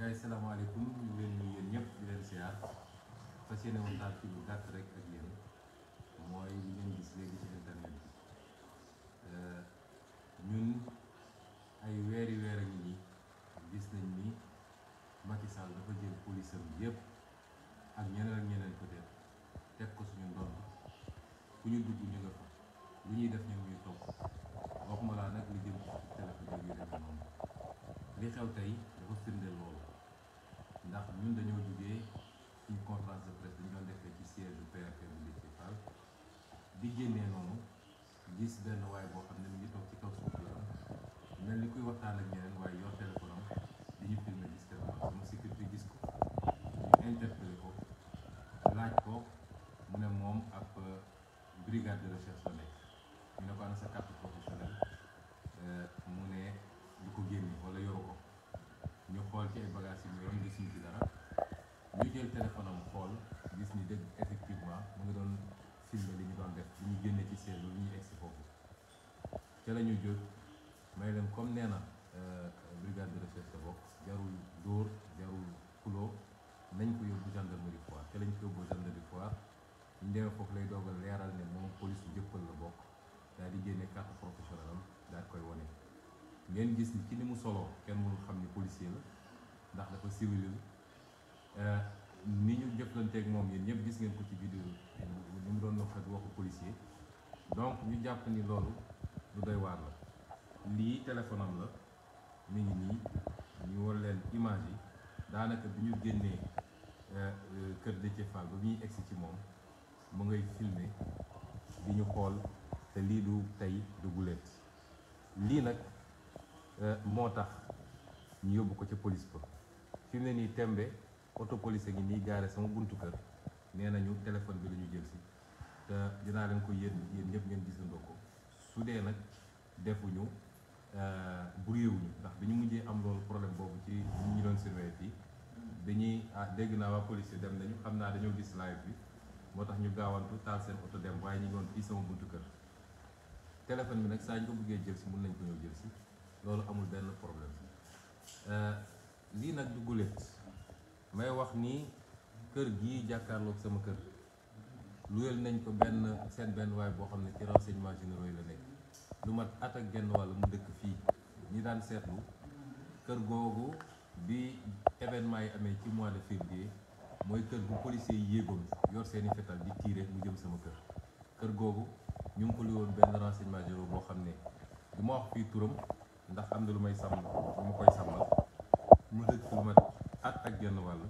gars yi salaamaaleykum ñu ngi leen nuyu yéen ñëpp di leen siyaar fas yéene woon daal lu gàtt rek ak yéen mooy li ngeen euh, weer a ngi gis nañ ni Macky Sall dafa jël police am ak ñeneen ak ñeneen ko teg ko suñu ndond ku ñu dugg ñu fa lu ñuy def ñu ngi ñuy topp nag li jëm ci téléphone bi yu demee noonu li xew tey dafa firndeel loolu ndax ñun dañoo jugee ci conférence de presse dañu doon defee ci siège bu PRP bu Déthié Fall bi génnee noonu gis benn waay boo xam ne mi ngi toog ci kaw suuf mel ni kuy waxtaan ak ñeneen waaye yor téléphone xool ci ay gis ñu ci dara jël téléphone am xool gis ni dëgg effectivement mu ngi doon filmer li ñu doon def li ñu génne ci seen lu ñu si foofu ca la ñu jóg may leen comme nee na euh, brigade de recherche bokk jarul dóor jarul kuloo nañ ko yóbbu gendarmerie Foire ca lañ ko yóbbu gendarmerie Foire ñu demee foofu lay doogal leeral ne moom police jëppal la bokk daal di génne carte professionnelle am daal koy wane ngeen gis ni ci ni mu soloo kenn mënul xam ni policier la civil bi euh, ni ñu jëflanteeg moom yéen ñëpp gis ngeen ko ci vidéo ni mu doon wax ak waxu policier donc ñu jàpp ni loolu lu doy waar la lii téléphone la mi ngi nii ñu war leen image yi daanaka bi ñu génnee euh, kër Déthié Fall ba bi ñuy egsi ci moom mu ngay filmer di ñu xool te lii du tey du guleet lii nag euh, moo tax ñu yóbbu ko ca police ba fi ne nii tembe auto police ngi nii gaare sama buntu kër nee nañu téléphone bi la ñu jël si te dinaa leen ko yéen yéen ñëpp ngeen gisandoo ko su dee nag defuñu euh, buriwuñu ndax dañu mujjee am loolu problème boobu ci ñu doon surveiller fii dañuy ah, dégg naa waa police dem nañu xam naa dañoo gis live bi moo tax ñu gaawantu taal seen auto dem waaye ñu ngi woon fii sama buntu kër téléphone bi nag saa ñu ko bëggee jël si mun nañ ko ñëw jël si loolu amul benn problème euh, lii nag du guléet may wax ni kër gi jàkkaarlook sama kër luyel nañ ko benn seen benn waay boo xam ne ci renseignement généraux yi la nekk lu mat at ak genn wàll mu dëkk fii ñi daan seetlu kër googu bi événement yi amee ci mois de février mooy kër gu policier yéegoon yor seeni fetal di tiire mu jëm sama kër kër googu ñu ngi ko luyoon benn renseignement généraux boo xam ne du ma wax fii turam ndax am na lu may sàmm lu ma koy sàmmal mu dëkk lu mat at ak genn wàll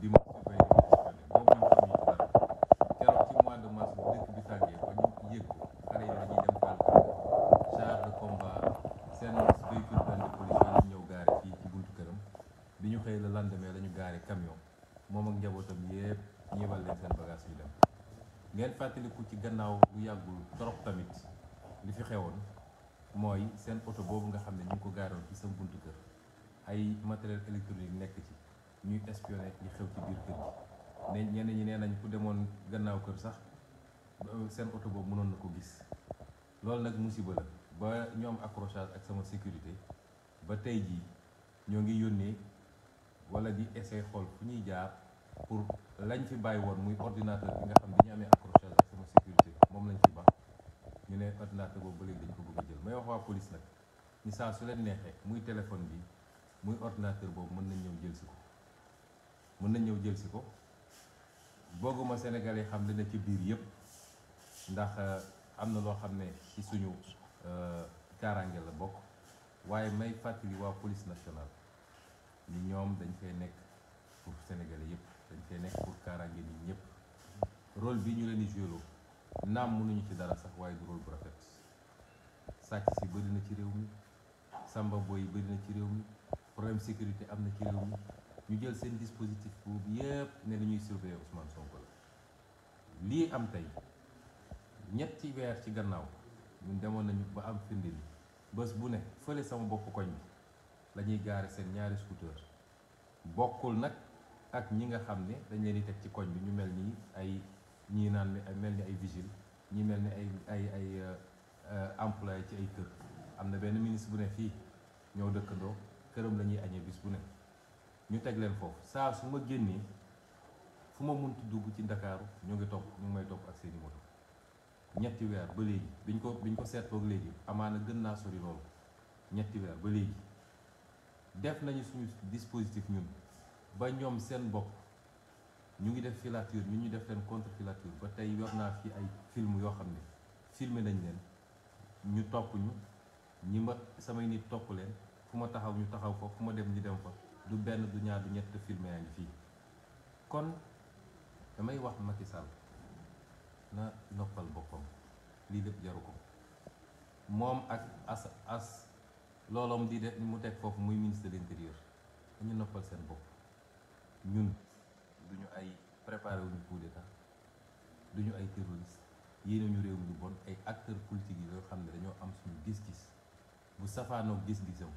di mos a béy boobu ñoom xam ñu dara keroog ci mois de mars dëkk bi tàngee ba ñu yëg xale yi dañuy dem tànk char de combat seen véhicule benn police yi ñu ñëw gaare fii ci buntu këram bi ñu xëy la lendemain la lañu gaare camion moom ak njabootam yépp ñëwal leen seen bagage yu dem ngeen fàttaliku ci gannaaw bu yàggul trop tamit li fi xewoon mooy seen oto boobu nga xam ne ñu ko gaaroon ci sa buntu kër ay matériel électronique nekk ci ñuy espionné ñi xew ci biir kër gi ne ñenn ñi nee nañ ku demoon gannaaw kër sax seen oto boobu mënoon na ko gis loolu nag musiba la ba ñoom accrochage ak sama sécurité ba tey jii ñoo ngi yónnee walla di essayer xool fu ñuy jaar pour lañ fi bàyyi woon muy ordinateur bi nga xam bi ñu amee accrochage ak sama sécurité moom lañ fi baax ñu ne ordinateur boobu ba léegi dañ ko bëgg a jël may wax waa police nag ñu saa su leen neexee muy téléphone bi muy ordinateur boobu mën nañ ñëw jël si ko mën nañ ñëw jël si ko booguma Sénégal yi xam ne na ci biir yëpp ndax euh, am na loo xam ne ci suñu euh, kaaraange la bokk waaye may fàttali waa police national ni ñoom dañ fay nekk pour Sénégalais yëpp dañ fay nekk pour kaaraange nit ñëpp rôle bi ñu leen di joué naam mënuñu ci dara sax waaye du rôle bu rafet sàcc si bëri na ci réew mi samba yi bëri na ci réew mi. problème sécurité am na ci réew ñu jël seen dispositif boobu yëpp ne dañuy surveiller Ousmane Sonko la lii am tey ñetti weer ci gannaaw ñun demoon nañu ba am firnde bi bés bu ne fële sama bokk koñ bi la ñuy gaare seen ñaari scooter bokkul nag ak ñi nga xam ne dañ leen di teg ci koñ bi ñu mel ni ay ñii naan mel ni ay vigile ñi mel ni ay ay ay euh, euh, employé ci ay kër am na benn ministre bu ne fii ñoo dëkkandoo këram la ñuy añee bis bu ne ñu teg leen foofu saa su ma génnee fu ma munti dugg ci ndakaaru ñu ngi topp ñu may topp ak seeni moto ñetti weer ba léegi biñ ko ko seetloog léegi amaana gën naa sori ñetti weer ba léegi def nañu suñu dispositif ñun ba ñoom seen bopp ñu ngi def filature ñu ñu def leen contre filature ba tey yor naa fi ay film yoo xam ne filmé nañ leen ñu topp ñu ñi ma samay nit topp leen fu ma taxaw ñu taxaw fa fu ma dem ñu dem fa du benn du ñaar du ñett filmé yaa ngi fii kon damay wax Macky Sall na noppal boppam lii lépp jaru ko moom ak as as looloom di de mu teg foofu muy ministre de l'intérieur dañu noppal seen bopp ñun duñu ay préparé wuñu coup d'état duñu ay terroriste yéene ñu réew mi lu bon ay acteurs politique yi yoo xam ne dañoo am suñu gis-gis bu safaanoo gis-gisam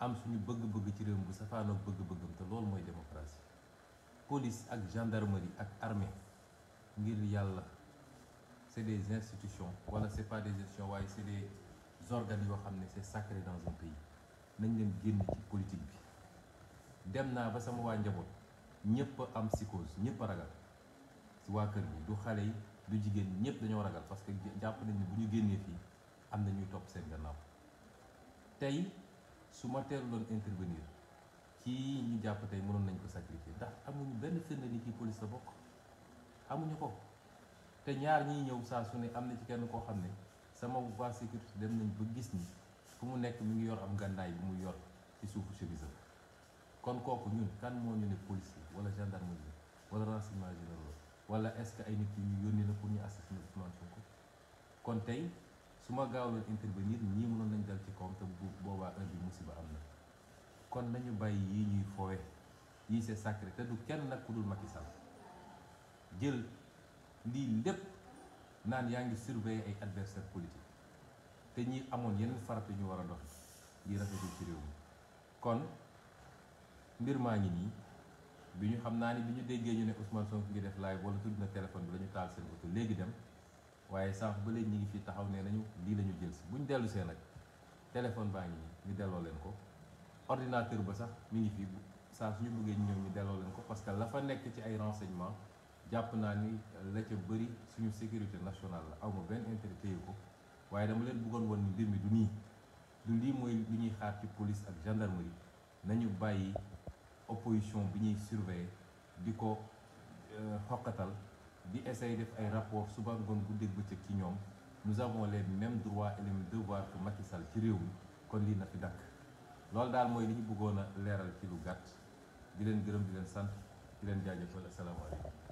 am suñu bëgg-bëgg ci réew mi bu safaanoog bëgg-bëggam te loolu mooy démocratie police ak gendarmerie ak armée ngir yàlla c'est des institutions wala c'est pas des institutions waaye c'est des organes yoo xam ne c'est sacré dans un pays nañ leen génn ci politique bi dem naa ba sama waa njaboot ñëpp am psychose ñëpp a ragal si waa kër gi du xale yi du jigéen ñëpp dañoo ragal parce que jàpp nañ ne bu ñu génnee fii am na ñuy topp seen gannaaw su ma teeluloon intervenir ci ñu jàpp tey mënoon nañ ko sacrifier ndax amuñu benn firnde ni kii police sa bokk amuñu ko te ñaar ñiy ñëw saa su ne am na ci kenn koo xam ne sama voie sécurité dem nañ ba gis ni fu mu nekk mu ngi yor am gànnaay bu muy yor ci suufu chemise kon kooku ñun kan moo ñu ne police la wala gendarmerie wala renseignement général wala est-ce que ay nit yi ñu yónni la pour ñu assassiner Ousmane Sonko kon tey su ma gaawloon intervenir ñii mënoon nañ dal ci kawam te bu boobaa heure bi musiba am na kon nañu bàyyi yii ñuy foowe yii c'est sacré te du kenn nag ku dul Macky Sall jël lii lépp naan yaa ngi surveiller ay adversaire politique te ñi amoon yeneen faratu ñu war a dox lii rafetul ci réew mi kon mbir maa ngi nii bi ñu xam naa ni bi ñu déggee ñu ne Ousmane Sonko ngi def live wala tudd na téléphone bi la ñu taal seen oto léegi dem waaye saaf ba léegi ñu ngi fii taxaw ne nañu lii la ñu jël si bu ñu nag téléphone baa ngi nii ñu delloo leen ko ordinateur ba sax mi ngi fii saa ñu bëggee ñu ñëw ñu delloo leen ko parce que la fa nekk ci ay renseignement jàpp naa ni la ca bëri suñu sécurité nationale la aw ma benn intérêt ko waaye dama leen bëggoon woon ni mbir mi du nii du lii mooy li ñuy xaar ci police ak gendarmerie nañu bàyyi opposition bi ñuy surveiller di ko euh, xoqatal di essayer def ay rapport suba ngoon guddeeg bëccëg ci ñoom nous avons les mêmes droits et les mêmes devoirs que Macky Sall ci réew mi kon lii na fi dakk loolu daal mooy li ñu bëggoon a leeral ci lu gàtt di leen gërëm di leen sant di leen jaajëfal asalaamaaleykum